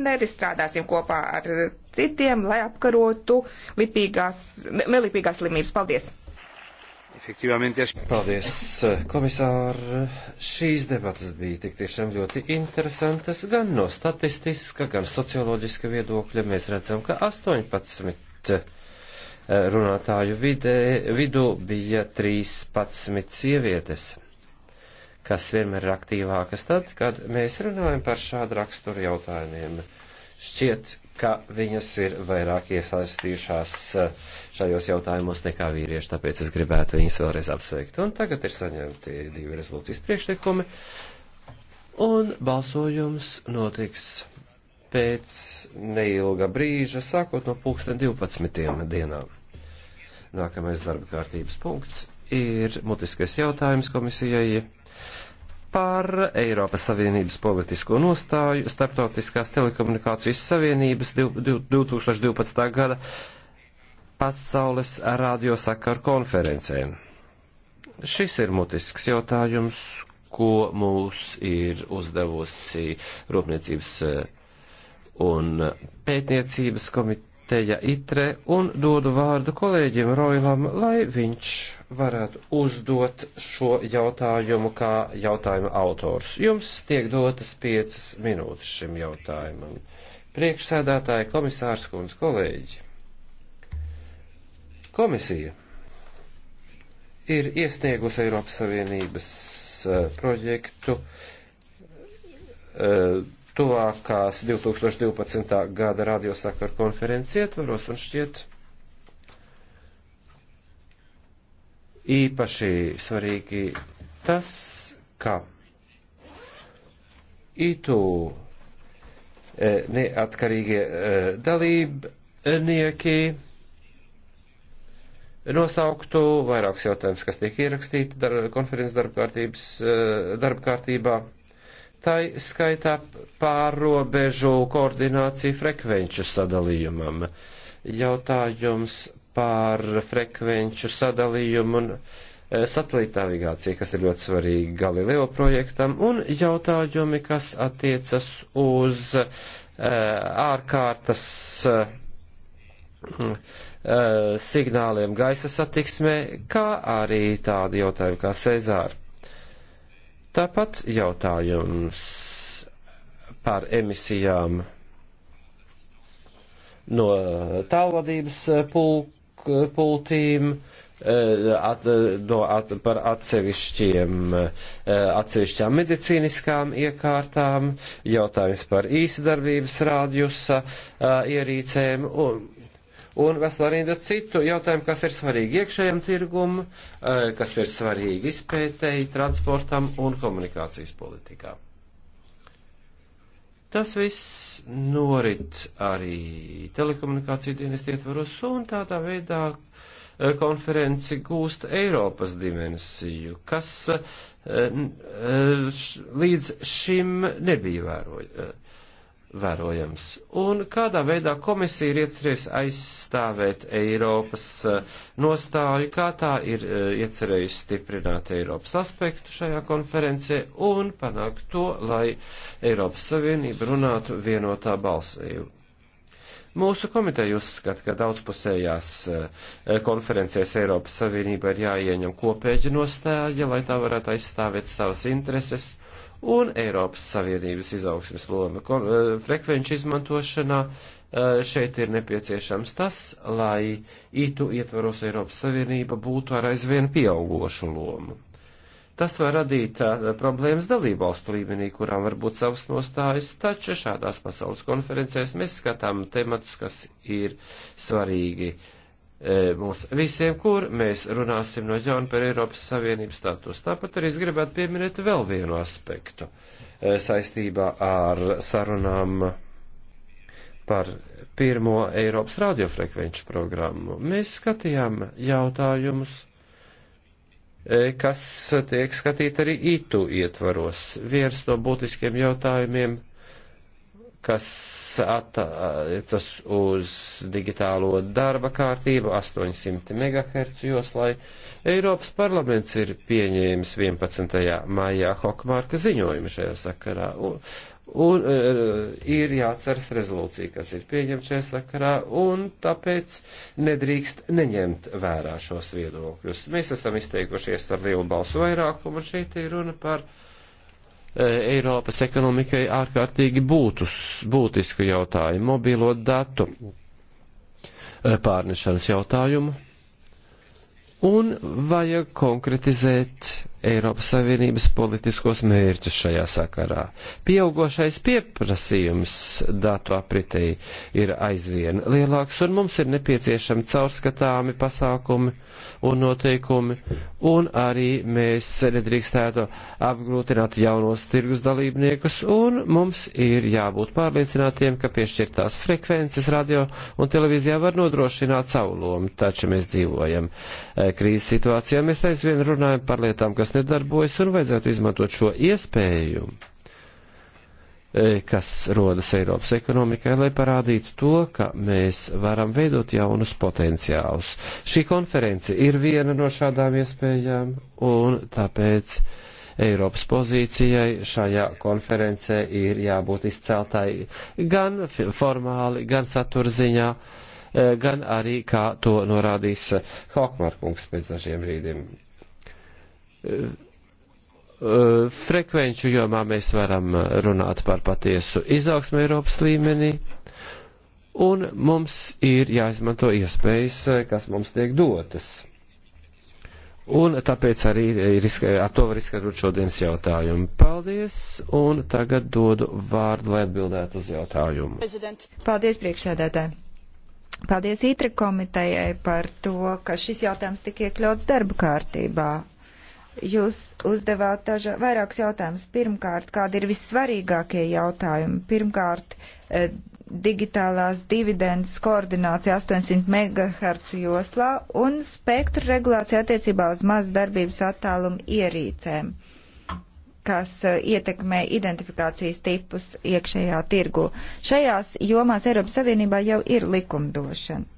partneri, strādāsim kopā ar citiem, lai apkarotu lipīgās, nelipīgās slimības. Paldies! Paldies, komisār. Šīs debatas bija tik tiešām ļoti interesantas, gan no statistiska, gan socioloģiska viedokļa. Mēs redzam, ka 18 eh, runātāju vidē, vidū bija 13 sievietes kas vienmēr ir aktīvākas tad, kad mēs runājam par šādu raksturu jautājumiem. Šķiet, ka viņas ir vairāk iesaistījušās eh, šajos jautājumos nekā vīrieši, tāpēc es gribētu viņas vēlreiz apsveikt. Un tagad ir saņemti divi rezolūcijas priekšlikumi, un balsojums notiks pēc neilga brīža, sākot no pulksten 12. dienām. Nākamais darba kārtības punkts ir mutiskais jautājums komisijai par Eiropas Savienības politisko nostāju starptautiskās telekomunikācijas savienības 2012. gada pasaules radiosakaru konferencē. Šis ir mutisks jautājums, ko mūs ir uzdevusi Rūpniecības eh, un pētniecības komiteja komiteja ITRE un dodu vārdu kolēģim Roilam, lai viņš varētu uzdot šo jautājumu kā jautājuma autors. Jums tiek dotas piecas minūtes šim jautājumam. Priekšsēdētāji komisārs kundz kolēģi. Komisija ir iesniegusi Eiropas Savienības eh, projektu. Uh, tuvākās 2012. gada radiosakaru konferences ietvaros un šķiet īpaši svarīgi tas, ka ITU e, neatkarīgie e, dalībnieki nosauktu vairākus jautājumus, kas tiek ierakstīti dar, konferences darba kārtībā. E, darba kārtībā tai skaitā pārrobežu koordināciju frekvenču sadalījumam. Jautājums par frekvenču sadalījumu un e, satelīta navigācija, kas ir ļoti svarīga Galileo projektam, un jautājumi, kas attiecas uz uh, ārkārtas uh, signāliem gaisa satiksmē, kā arī tādi jautājumi kā Cezāra Tāpat jautājums par emisijām no tālvadības pulk, pultīm, eh, at, no, at, par atsevišķiem, eh, atsevišķām medicīniskām iekārtām, jautājums par īsdarbības rādjusa eh, ierīcēm un, un vesela rinda citu jautājumu, kas ir svarīgi iekšējam tirgum, eh, kas ir svarīgi izpētēji, transportam un komunikācijas politikā. Tas viss norit arī telekomunikāciju dienestu ietvaros un tādā veidā eh, konferenci gūst Eiropas dimensiju, kas eh, līdz šim nebija vērojama vērojams. Un kādā veidā komisija ir iecerējusi aizstāvēt Eiropas eh, nostāju, kā tā ir eh, iecerējusi stiprināt Eiropas aspektu šajā konferencē un panākt to, lai Eiropas Savienība runātu vienotā balsī. Mūsu komiteja uzskata, ka daudzpusējās eh, konferencēs Eiropas Savienība ir jāieņem kopēģi nostāja, lai tā varētu aizstāvēt savas intereses un Eiropas Savienības izaugsmes loma eh, frekvenču izmantošanā. Eh, šeit ir nepieciešams tas, lai ITU ietvaros Eiropas Savienība būtu ar aizvien pieaugošu lomu. Tas var radīt problēmas dalībvalstu līmenī, kurām var būt savas nostājas, taču šādās pasaules konferencēs mēs skatām tematus, kas ir svarīgi mums visiem, kur mēs runāsim no jauna par Eiropas Savienības status. Tāpat arī es gribētu pieminēt vēl vienu aspektu saistībā ar sarunām par pirmo Eiropas radiofrekvenču programmu. Mēs skatījām jautājumus E, kas tiek skatīt arī ITU ietvaros. Viens no būtiskiem jautājumiem kas attiecas uz digitālo darba kārtību 800 MHz joslai, Eiropas parlaments ir pieņēmis 11. maijā Hokmārka ziņojumu šajā sakarā. Un, un e, uh, ir jāceras rezolūcija, kas ir pieņemta šajā sakarā, un tāpēc nedrīkst neņemt vērā šos viedokļus. Mēs esam izteikušies ar lielu balsu vairākumu, un šeit ir runa par uh, E, Eiropas ekonomikai ārkārtīgi būtus, būtisku jautājumu, mobīlo datu e, pārnešanas jautājumu un vajag konkretizēt Eiropas Savienības politiskos mērķus šajā sakarā. Pieaugošais pieprasījums datu apritei ir aizvien lielāks, un mums ir nepieciešami caurskatāmi pasākumi un noteikumi, un arī mēs nedrīkstētu apgrūtināt jaunos tirgus dalībniekus, un mums ir jābūt pārliecinātiem, ka piešķirtās frekvences radio un televīzijā var nodrošināt savu lomu, taču mēs dzīvojam eh, krīzes situācijā mēs aizvien runājam par lietām, kas nedarbojas, un vajadzētu izmantot šo iespēju, e, kas rodas Eiropas ekonomikai, lai parādītu to, ka mēs varam veidot jaunus potenciālus. Šī konference ir viena no šādām iespējām, un tāpēc. Eiropas pozīcijai šajā konferencē ir jābūt izceltai gan formāli, gan saturziņā. Uh, Eh, gan arī, kā to norādīs Hokmarkungs eh, pēc dažiem brīdiem. Eh, frekvenču jomā mēs varam runāt par patiesu izaugsmu Eiropas līmenī, un mums ir jāizmanto iespējas, kas mums tiek dotas. Un tāpēc arī riska, ar to var izskatot šodienas jautājumu. Paldies, un tagad dodu vārdu, lai atbildētu uz jautājumu. Paldies, priekšsēdētāji. Paldies Itra komitejai par to, ka šis jautājums tika iekļauts darba kārtībā. Jūs uzdevāt daža, vairākus jautājumus. Pirmkārt, kādi ir vissvarīgākie jautājumi? Pirmkārt, eh, digitālās dividendes koordinācija 800 MHz joslā un spektra regulācija attiecībā uz mazdarbības attālumu ierīcēm kas eh, ietekmē identifikācijas tipus iekšējā tirgu. Šajās jomās Eiropas Savienībā jau ir likumdošana.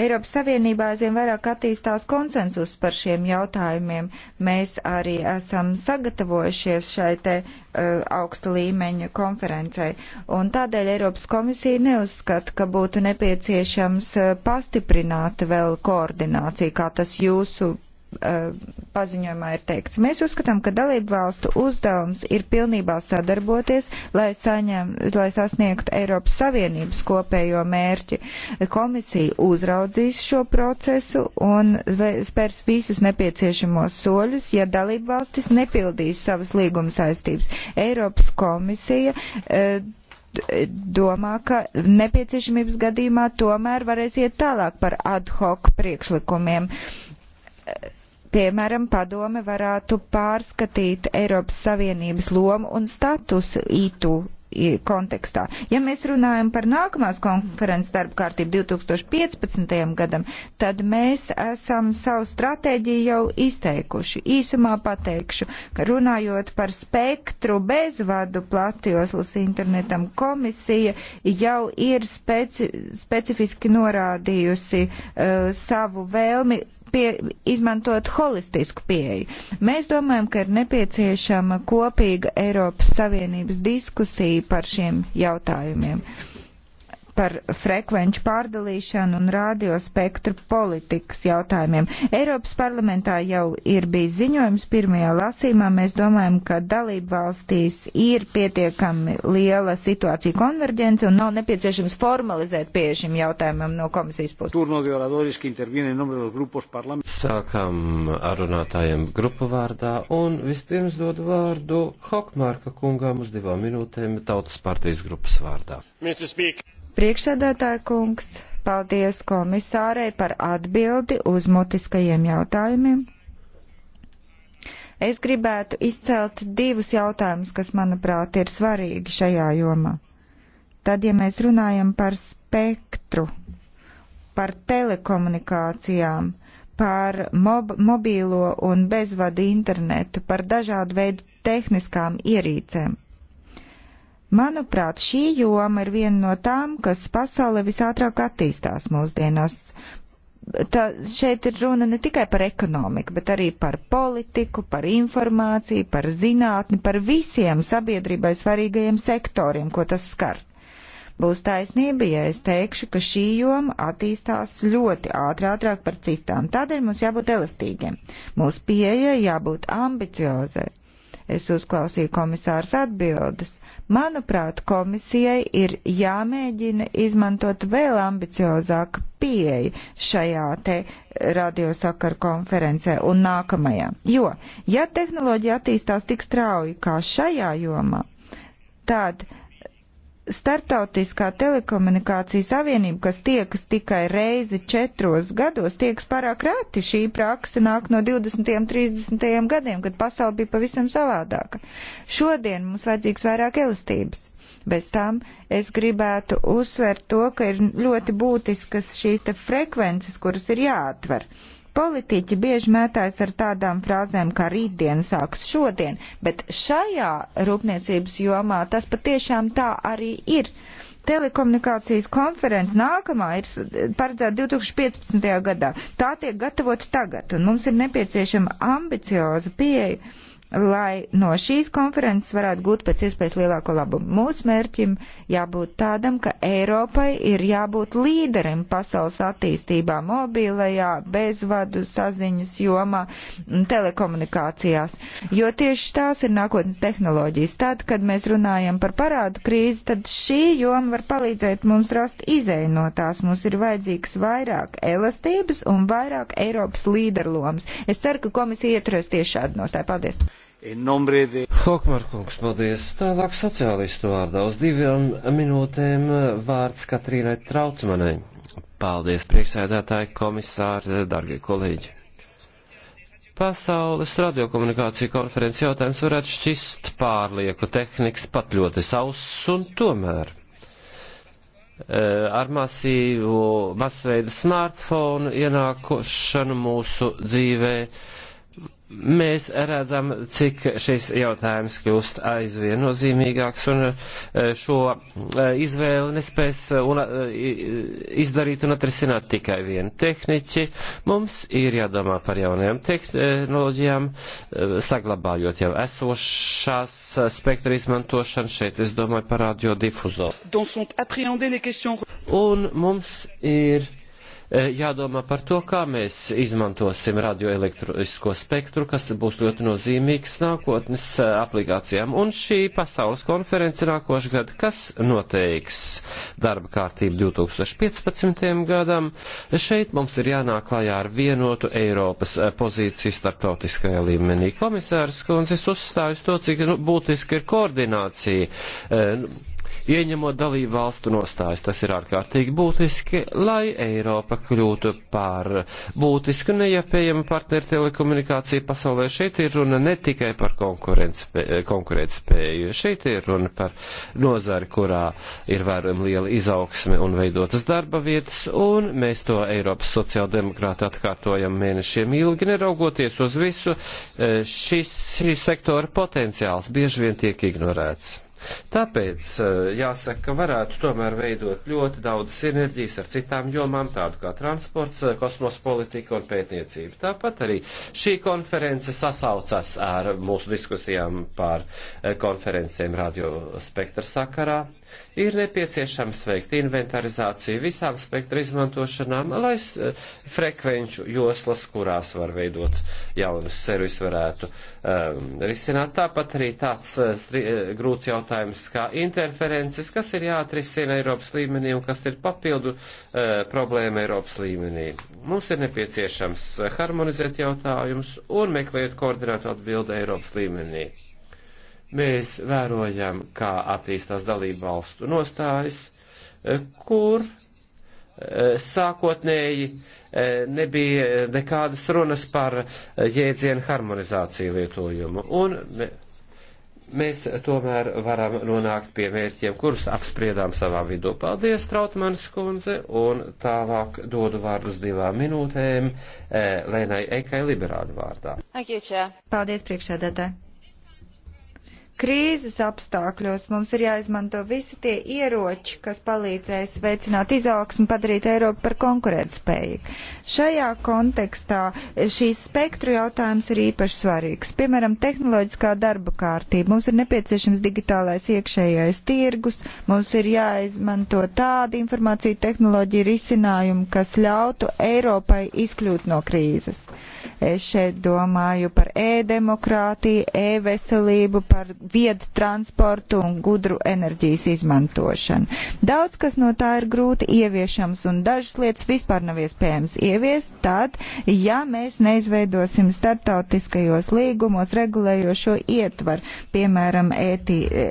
Eiropas Savienībā aizvien vairāk attīstās konsensus par šiem jautājumiem. Mēs arī esam sagatavojušies šai te uh, augsta līmeņa konferencei. Un tādēļ Eiropas komisija neuzskata, ka būtu nepieciešams uh, pastiprināt vēl koordināciju, kā tas jūsu Eh, paziņojumā ir teikts. Mēs uzskatām, ka dalību valstu uzdevums ir pilnībā sadarboties, lai, saņem, lai sasniegtu Eiropas Savienības kopējo mērķi. Komisija uzraudzīs šo procesu un spērs visus nepieciešamos soļus, ja dalību valstis nepildīs savas līguma saistības. Eiropas komisija. Uh, domā, ka nepieciešamības gadījumā tomēr varēs iet tālāk par ad hoc priekšlikumiem. Uh, Piemēram, padome varētu pārskatīt Eiropas Savienības lomu un statusu ITU kontekstā. Ja mēs runājam par nākamās konferences darba kārtību 2015. gadam, tad mēs esam savu stratēģiju jau izteikuši. Īsumā pateikšu, ka runājot par spektru bezvadu platjoslas internetam, komisija jau ir speci specifiski norādījusi uh, savu vēlmi pie, izmantot holistisku pieeju. Mēs domājam, ka ir nepieciešama kopīga Eiropas Savienības diskusija par šiem jautājumiem. Uh, par frekvenču pārdalīšanu un radiospektru politikas jautājumiem. Eiropas parlamentā jau ir bijis ziņojums pirmajā lasīmā. Mēs domājam, ka dalību valstīs ir pietiekami liela situācija konverģence un nav nepieciešams formalizēt pie šim jautājumam no komisijas puses. Sākam ar runātājiem grupu vārdā un vispirms dod vārdu Hokmārka kungām uz divām minūtēm tautas partijas grupas vārdā. Mr. Speaker. Priekšsēdētāja kungs, paldies komisārei par atbildi uz mutiskajiem jautājumiem. Es gribētu izcelt divus jautājumus, kas, manuprāt, ir svarīgi šajā jomā. Tad, ja mēs runājam par spektru, par telekomunikācijām, par mob mobīlo un bezvadu internetu, par dažādu veidu tehniskām ierīcēm. Manuprāt, šī joma ir viena no tām, kas pasaulē visātrāk attīstās mūsdienās. Tā, šeit ir runa ne tikai par ekonomiku, bet arī par politiku, par informāciju, par zinātni, par visiem sabiedrībai svarīgajiem sektoriem, ko tas skar. Būs taisnība, ja es teikšu, ka šī joma attīstās ļoti ātri, ātrāk par citām. Tādēļ mums jābūt elastīgiem. Mūsu pieeja jābūt ambiciozai. Es uzklausīju komisārs atbildes Manuprāt, komisijai ir jāmēģina izmantot vēl ambiciozāku pieeju šajā te radiosakaru konferencē un nākamajā. Jo, ja tehnoloģija attīstās tik strauji kā šajā jomā, tad uh, Startautiskā telekomunikācija savienība, kas tiekas tikai reizi četros gados, tiekas pārāk rēti. Šī praksa nāk no 20. un 30. gadiem, kad pasaule bija pavisam savādāka. Šodien mums vajadzīgs vairāk elastības. Bez tam es gribētu uzsvērt to, ka ir ļoti būtiskas šīs te frekvences, kuras ir jāatver. Uh, Politiķi bieži mētājas ar tādām frāzēm, kā rītdien sāks šodien, bet šajā rūpniecības jomā tas patiešām tā arī ir. Telekomunikācijas konference nākamā ir paredzēta 2015. gadā. Tā tiek gatavota tagad, un mums ir nepieciešama ambicioza pieeja lai no šīs konferences varētu gūt pēc iespējas lielāko labumu. Mūsu mērķim jābūt tādam, ka Eiropai ir jābūt līderim pasaules attīstībā, mobilajā, bezvadu saziņas jomā, telekomunikācijās, jo tieši tās ir nākotnes tehnoloģijas. Tad, kad mēs runājam par parādu krīzi, tad šī joma var palīdzēt mums rast izēju no tās. Mums ir vajadzīgs vairāk elastības un vairāk Eiropas līderlomas. Es ceru, ka komisija ieturēs tieši šādu nostāju. Paldies! De... Hokmar kungs, paldies. Tālāk sociālistu vārdā uz divām minūtēm vārds Katrīnai Trautmanai. Paldies, priekšsēdētāji, komisāri, dargie kolēģi. Pasaules radiokomunikāciju konferences jautājums varētu šķist pārlieku tehnikas pat ļoti sauss un tomēr eh, ar masīvu masveida smartfonu ienākušanu mūsu dzīvē mēs redzam, cik šis jautājums kļūst aizvien nozīmīgāks un e, šo e, izvēli nespēs e, un, izdarīt un atrisināt tikai vieni tehniķi. Mums ir jādomā par jaunajām tehnoloģijām, saglabājot jau esošās spektra izmantošanu. Šeit es domāju par radiodifuzoru. Un mums ir Eh, jādomā par to, kā mēs izmantosim radioelektrisko spektru, kas būs ļoti nozīmīgs nākotnes eh, aplikācijām. Un šī pasaules konference nākošu gadu, kas noteiks darba kārtību 2015. gadam, šeit mums ir jānāk klajā ar vienotu Eiropas eh, pozīciju starptautiskajā līmenī. Komisārs Kunzis uzstājas to, cik nu, būtiski ir koordinācija ieņemot dalību valstu nostājas. Tas ir ārkārtīgi būtiski, lai Eiropa kļūtu par būtisku neiepējamu partneru telekomunikāciju pasaulē. Šeit ir runa ne tikai par konkurētspēju, šeit ir runa par nozari, kurā ir vērojama liela izaugsme un veidotas darba vietas, un mēs to Eiropas sociāldemokrāti atkārtojam mēnešiem ilgi, neraugoties uz visu. E, šis, šis sektora potenciāls bieži vien tiek ignorēts. Tāpēc eh, jāsaka, ka varētu tomēr veidot ļoti daudz sinerģijas ar citām jomām, tādu kā transports, eh, kosmospolitika un pētniecība. Tāpat arī šī konference sasaucas ar mūsu diskusijām par eh, konferencēm radio spektra sakarā Ir nepieciešams veikt inventarizāciju visām spektra izmantošanām, lai eh, frekvenču joslas, kurās var veidot jaunus servis, varētu um, risināt. Tāpat arī tāds eh, stri, eh, grūts jautājums kā interferences, kas ir jāatrisina Eiropas līmenī un kas ir papildu uh, problēma Eiropas līmenī. Mums ir nepieciešams harmonizēt jautājumus un meklēt koordinētu atbildi Eiropas līmenī. Mēs vērojam, kā attīstās dalību valstu nostājas, eh, kur eh, sākotnēji eh, nebija nekādas runas par jēdzienu harmonizāciju lietojumu. Un mēs tomēr varam nonākt pie mērķiem, kurus apspriedām savā vidū. Paldies, Trautmanis kundze, un tālāk dodu vārdu uz divām minūtēm Lēnai Eikai liberāļu vārdā. Paldies, priekšsēdētāji. Krīzes apstākļos mums ir jāizmanto visi tie ieroči, kas palīdzēs veicināt izaugsmu, padarīt Eiropu par konkurētspējīgu. Šajā kontekstā šīs spektru jautājums ir īpaši svarīgs. Piemēram, tehnoloģiskā darba kārtība. Mums ir nepieciešams digitālais iekšējais tirgus, mums ir jāizmanto tāda informācija tehnoloģija risinājuma, kas ļautu Eiropai izkļūt no krīzes. Es šeit domāju par e-demokrātiju, e-veselību, par viedu transportu un gudru enerģijas izmantošanu. Daudz kas no tā ir grūti ieviešams un dažas lietas vispār nav iespējams ieviest tad, ja mēs neizveidosim startautiskajos līgumos regulējošo ietvaru, piemēram, ETI, e,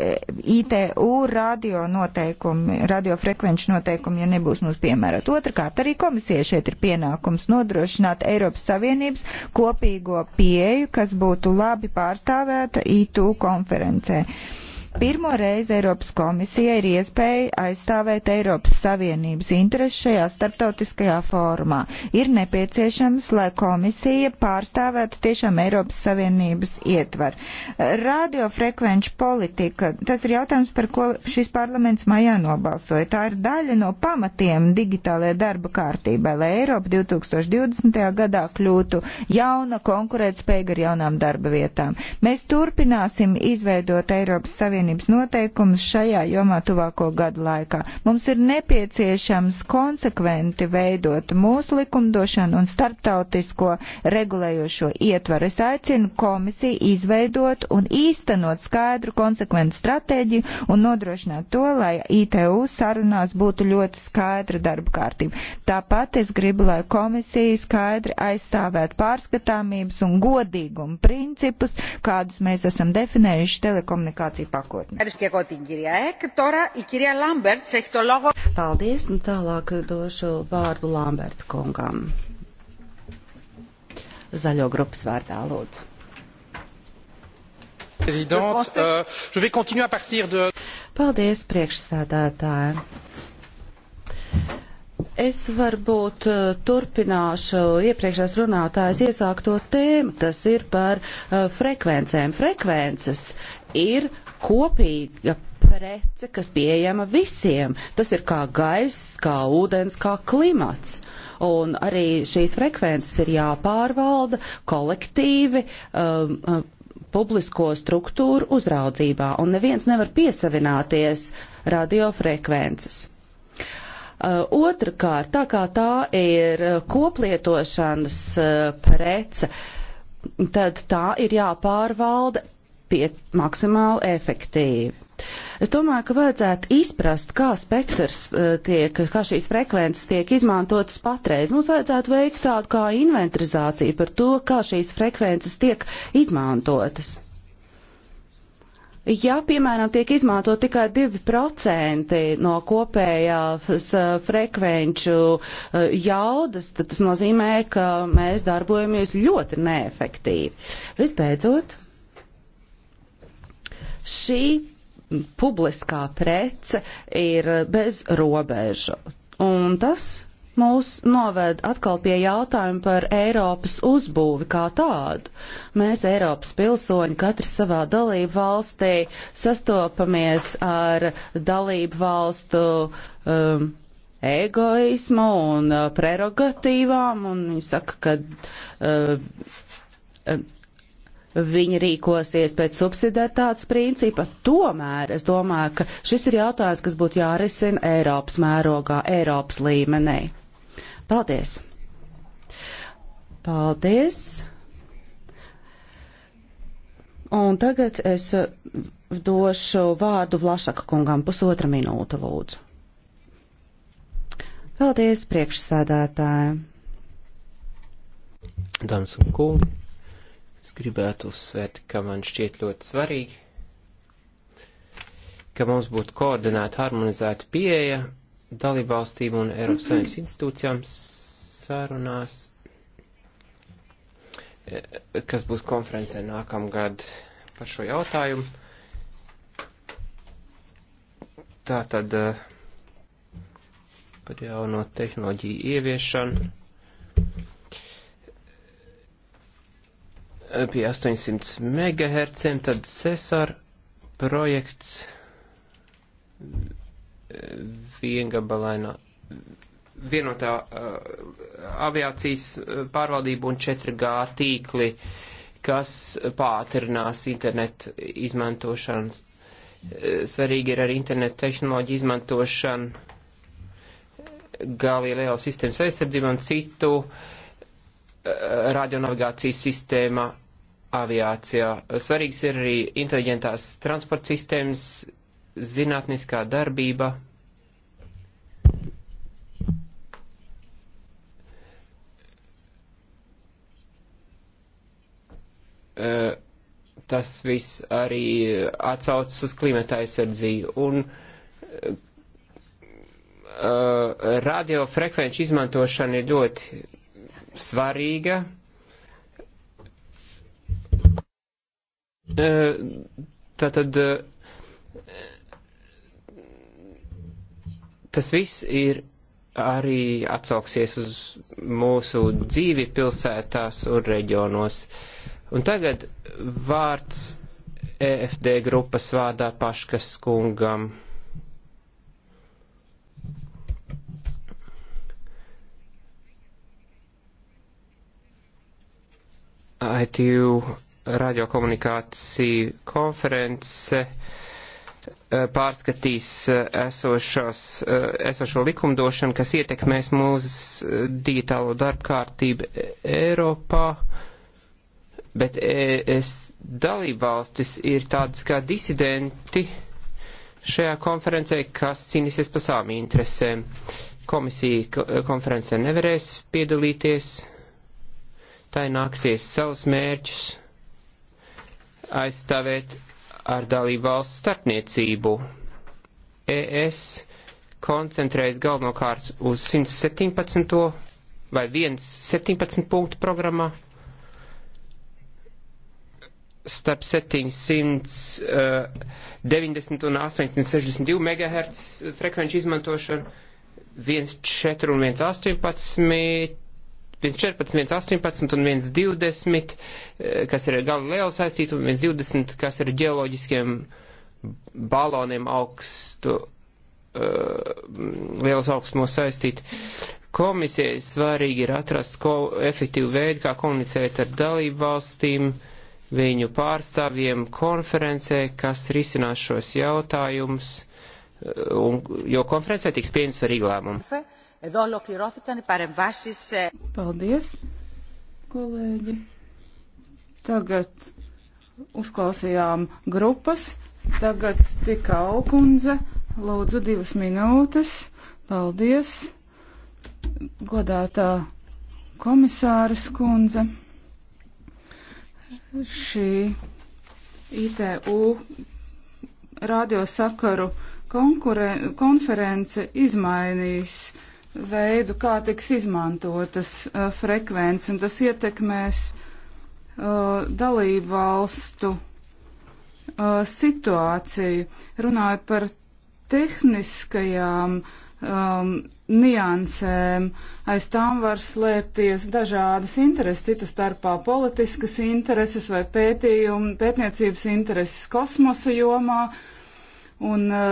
ITU radio noteikumi, radiofrekvenču noteikumi, ja nebūs mums piemērot. Otrakārt, arī komisija šeit ir pienākums nodrošināt Eiropas Savienības kopīgo pieeju, kas būtu labi pārstāvēta ITU konferencē. Uh, Pirmo reizi Eiropas komisija ir iespēja aizstāvēt Eiropas Savienības interesu šajā starptautiskajā fórumā. Ir nepieciešams, lai komisija pārstāvētu tiešām Eiropas Savienības ietvaru. Radiofrekvenču politika, tas ir jautājums, par ko šis parlaments maijā nobalsoja. Tā ir daļa no pamatiem digitālajā darba kārtībā, lai Eiropa 2020. gadā kļūtu jauna, konkurētspējīga ar jaunām darba vietām. Mēs turpināsim izveidot Eiropas Savienības Savienības noteikumus šajā jomā tuvāko gadu laikā. Mums ir nepieciešams konsekventi veidot mūsu likumdošanu un starptautisko regulējošo ietvaru. Es aicinu komisiju izveidot un īstenot skaidru konsekventu stratēģiju un nodrošināt to, lai ITU sarunās būtu ļoti skaidra darba kārtība. Tāpat es gribu, lai komisija skaidri aizstāvētu pārskatāmības un godīgumu principus, kādus mēs esam definējuši telekomunikāciju pakotnē nākotni. Paldies, un tālāk došu vārdu Lamberta kungam. Zaļo grupas vārdā, lūdzu. Euh, Paldies, priekšsēdētāji. Es varbūt euh, turpināšu iepriekšējās runātājas iesākto tēmu, tas ir par euh, frekvencēm. Frekvences ir kopīga prece, kas pieejama visiem. Tas ir kā gaiss, kā ūdens, kā klimats. Un arī šīs frekvences ir jāpārvalda kolektīvi. Um, um, publisko struktūru uzraudzībā, un neviens nevar piesavināties radiofrekvences. Uh, Otrakārt, tā kā tā ir uh, koplietošanas uh, prece, tad tā ir jāpārvalda pie, maksimāli efektīvi. Es domāju, ka vajadzētu izprast, kā spektrs eh, tiek, kā šīs frekvences tiek izmantotas patreiz. Mums vajadzētu veikt tādu kā inventarizāciju par to, kā šīs frekvences tiek izmantotas. Ja, piemēram, tiek izmanto tikai 2% no kopējās eh, frekvenču eh, jaudas, tad tas nozīmē, ka mēs darbojamies ļoti neefektīvi. Visbeidzot, Šī publiskā prece ir bez robežu. Un tas mūs noved atkal pie jautājuma par Eiropas uzbūvi kā tādu. Mēs, Eiropas pilsoņi, katrs savā dalību valstī sastopamies ar dalību valstu um, egoismu un uh, prerogatīvām, un viņi saka, ka. Uh, uh viņi rīkosies pēc subsidiaritātes principa. Tomēr es domāju, ka šis ir jautājums, kas būtu jārisina Eiropas mērogā, Eiropas līmenī. Paldies! Paldies! Un tagad es došu vārdu Vlašaka kungam pusotra minūte, lūdzu. Paldies priekšsēdētājiem! Dāmas un kungi! Es gribētu uzsvērt, ka man šķiet ļoti svarīgi, ka mums būtu koordinēta, harmonizēta pieeja dalībvalstīm un Eiropas Savienības institūcijām sarunās, e, kas būs konferencē nākamgad par šo jautājumu. Tā tad e, par jauno tehnoloģiju ieviešanu Eh, pie 800 MHz, tad Cesar projekts eh, viengabalainā vienotā uh, aviācijas pārvaldība un 4G tīkli, kas pātrinās internetu izmantošanu. Svarīgi ir arī internetu tehnoloģiju izmantošana Galileo sistēmas aizsardzībā un citu uh, radionavigācijas sistēma aviācijā. Svarīgs ir arī inteliģentās transporta sistēmas, zinātniskā darbība. E, tas viss arī atsaucas uz klimata aizsardzību. Un e, e, radiofrekvenču izmantošana ir ļoti svarīga. E, tātad e, tas viss ir arī atsauksies uz mūsu dzīvi pilsētās un reģionos. Un tagad vārds EFD grupas vārdā Paškas kungam. ITU radiokomunikāciju konference eh, pārskatīs eh, esošos, eh, esošo likumdošanu, kas ietekmēs mūsu digitālo darbu kārtību Eiropā, bet es dalību valstis ir tādas kā disidenti šajā konferencē, kas cīnīsies par savām interesēm. Komisija konferencē nevarēs piedalīties, tai nāksies savus mērķus aizstāvēt ar dalību valsts starpniecību. ES koncentrējas galvenokārt uz 117. vai 117 punktu programmā starp 790 eh, un 862 MHz frekvenču izmantošanu, 1,4 un 1,18 114, 118 un 120, eh, kas ir Galileo saistīti, un 120, kas ir ģeoloģiskiem baloniem augstu, uh, lielas augstumos saistīti. Komisijai svarīgi ir atrast ko, efektīvu veidu, kā komunicēt ar dalību valstīm, viņu pārstāvjiem konferencē, kas risinās šos jautājumus, eh, un, jo konferencē tiks pieņems svarīgi lēmumi. Εδώ ολοκληρώθηκαν οι παρεμβάσεις... Paldies, kolēģi. Tagad uzklausījām grupas. Tagad tika aukundze. Lūdzu, divas minūtes. Paldies, godātā komisāras kundze. Šī ITU radiosakaru konkurence, konference izmainīs veidu, kā tiks izmantotas uh, frekvences, un tas ietekmēs uh, dalību valstu uh, situāciju. Runājot par tehniskajām um, niansēm, aiz tām var slēpties dažādas intereses, citas starpā politiskas intereses vai pētījumi, pētniecības intereses kosmosa jomā, un uh,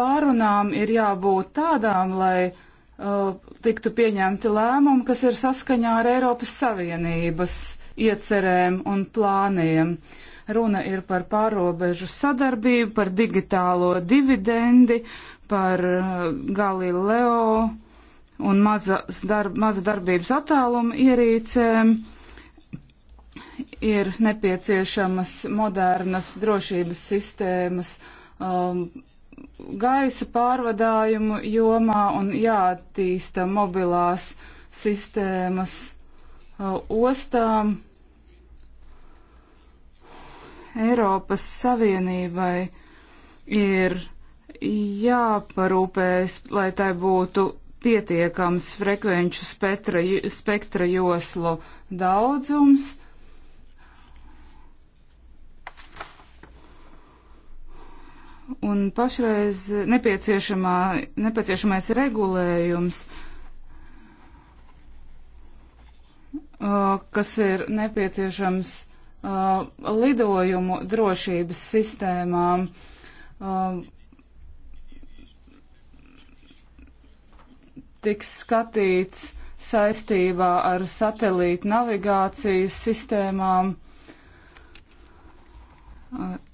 pārunām ir jābūt tādām, lai uh, Uh, tiktu pieņemti lēmumi, kas ir saskaņā ar Eiropas Savienības iecerēm un plāniem. Runa ir par pārobežu sadarbību, par digitālo dividendi, par uh, Galileo un maza, darb, maza darbības attāluma ierīcēm. Ir nepieciešamas modernas drošības sistēmas um, gaisa pārvadājumu jomā un jāattīsta mobilās sistēmas uh, ostām. Eiropas Savienībai ir jāparūpējas, lai tai būtu pietiekams frekvenču spektra, spektra joslu daudzums, un pašreiz nepieciešamais regulējums, kas ir nepieciešams lidojumu drošības sistēmām. Tiks skatīts saistībā ar satelītu navigācijas sistēmām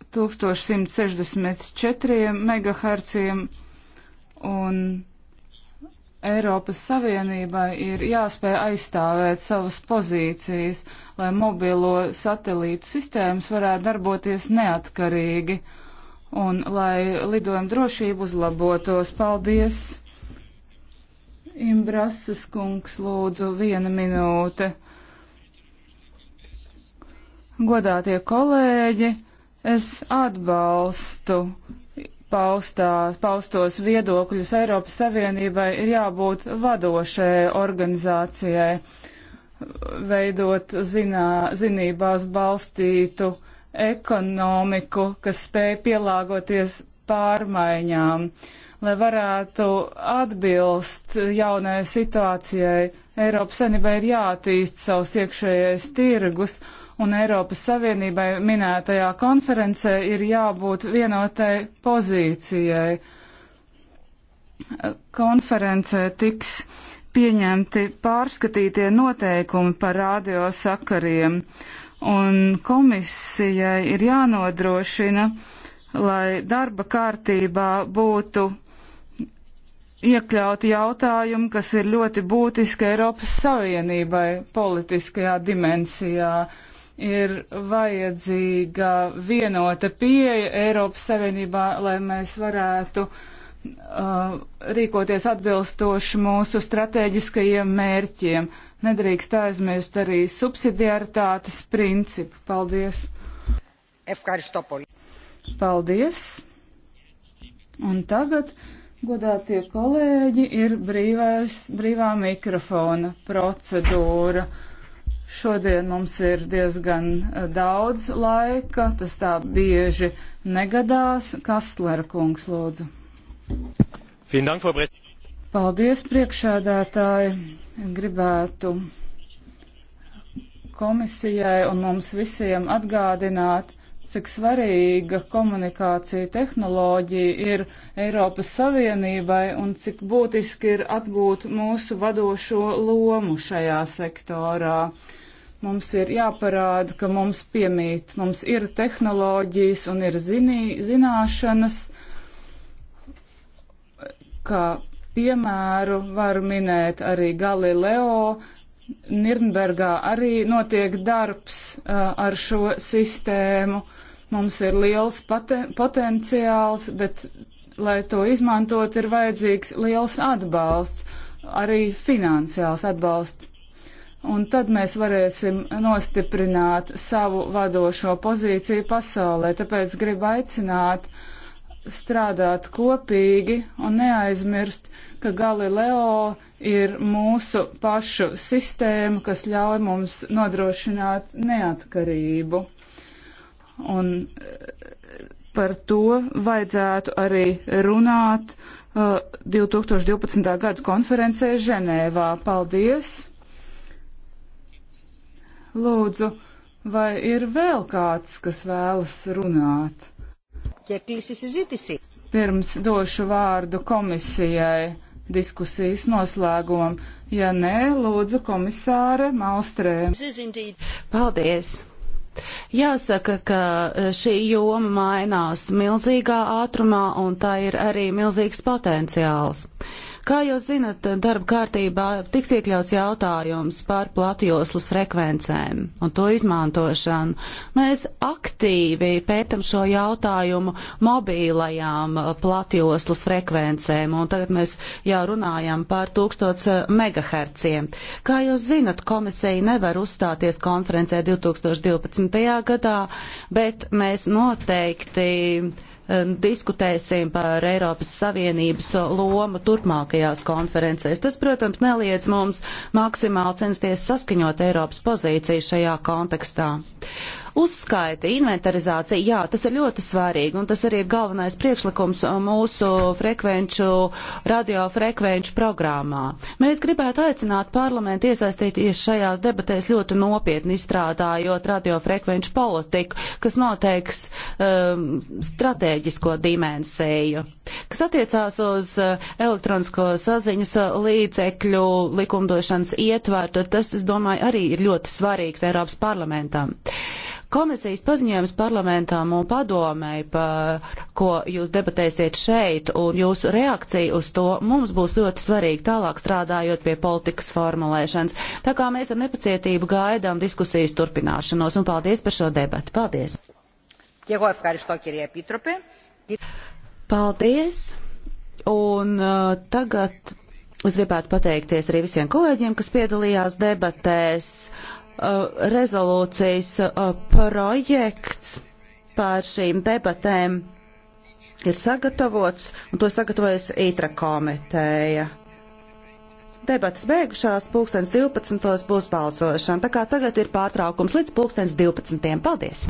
1164 MHz un Eiropas Savienībai ir jāspēj aizstāvēt savas pozīcijas, lai mobilo satelītu sistēmas varētu darboties neatkarīgi un lai lidojuma drošību uzlabotos. Paldies! Imbrasas kungs lūdzu viena minūte. Godātie kolēģi! Es atbalstu paustās, paustos viedokļus Eiropas Savienībai ir jābūt vadošajai organizācijai, veidot zinā, zinībās balstītu ekonomiku, kas spēj pielāgoties pārmaiņām, lai varētu atbilst jaunajai situācijai. Eiropas Savienībai ir jātīst savus iekšējais tirgus un Eiropas Savienībai minētajā konferencē ir jābūt vienotai pozīcijai. Konferencē tiks pieņemti pārskatītie noteikumi par radiosakariem, un komisijai ir jānodrošina, lai darba kārtībā būtu iekļauti jautājumi, kas ir ļoti būtiski Eiropas Savienībai politiskajā dimensijā ir vajadzīga vienota pieeja Eiropas Savienībā, lai mēs varētu uh, rīkoties atbilstoši mūsu strateģiskajiem mērķiem. Nedrīkst aizmirst arī subsidiaritātes principu. Paldies! Paldies! Un tagad, godātie kolēģi, ir brīvais, brīvā mikrofona procedūra. Šodien mums ir diezgan eh, daudz laika, tas tā bieži negadās. Kastlera kungs, lūdzu. Paldies, priekšēdētāji. Gribētu komisijai un mums visiem atgādināt, cik svarīga komunikācija tehnoloģija ir Eiropas Savienībai un cik būtiski ir atgūt mūsu vadošo lomu šajā sektorā. Mums ir jāparāda, ka mums piemīt, mums ir tehnoloģijas un ir zinī, zināšanas, kā piemēru var minēt arī Galileo, Nirnbergā arī notiek darbs uh, ar šo sistēmu. Uh, Mums ir liels paten potenciāls, bet, lai to izmantot, ir vajadzīgs liels atbalsts, arī finansiāls atbalsts. Un tad mēs varēsim nostiprināt savu vadošo pozīciju pasaulē. Tāpēc gribu aicināt strādāt kopīgi un neaizmirst, ka Galileo ir mūsu pašu sistēma, kas ļauj mums nodrošināt neatkarību un eh, par to vajadzētu arī runāt uh, eh, 2012. gada konferencē Ženēvā. Paldies! Lūdzu, vai ir vēl kāds, kas vēlas runāt? Pirms došu vārdu komisijai diskusijas noslēgumam. Ja nē, lūdzu komisāre Malstrē. Paldies! Jāsaka, ka e, šī joma mainās milzīgā ātrumā un tā ir arī milzīgs potenciāls. Kā jūs zinat, darba kārtībā tiks iekļauts jautājums par platjoslas frekvencēm un to izmantošanu. Mēs aktīvi pētam šo jautājumu mobīlajām platjoslas frekvencēm, un tagad mēs jau runājam par 1000 MHz. Kā jūs zinat, komisija nevar uzstāties konferencē 2012. gadā, bet mēs noteikti diskutēsim par Eiropas Savienības lomu turpmākajās konferencēs. Tas, protams, neliedz mums maksimāli censties saskaņot Eiropas pozīciju šajā kontekstā. Uzskaita, inventarizācija, jā, tas ir ļoti svarīgi, un tas arī ir galvenais priekšlikums uh, mūsu frekvenču, radiofrekvenču programmā. Mēs gribētu aicināt parlamentu iesaistīties šajās debatēs ļoti nopietni izstrādājot radiofrekvenču politiku, kas noteiks um, stratēģisko dimensiju. Kas attiecās uz uh, elektronisko saziņas uh, līdzekļu likumdošanas ietvaru, tad tas, es domāju, arī ir ļoti svarīgs Eiropas parlamentam. Komisijas paziņojums parlamentam un padomēji, par ko jūs debatēsiet šeit, un jūsu reakcija uz to mums būs ļoti svarīga tālāk strādājot pie politikas formulēšanas. Tā kā mēs ar nepacietību gaidām diskusijas turpināšanos, un paldies par šo debatu. Paldies! Paldies! Un uh, tagad es gribētu pateikties arī visiem kolēģiem, kas piedalījās debatēs. Uh, Uh, rezolūcijas uh, projekts pār šīm debatēm ir sagatavots, un to sagatavojas ITRA komiteja. Debatas beigušās, pulkstens 12. būs balsošana, tā kā tagad ir pārtraukums līdz pulkstens 12. Paldies!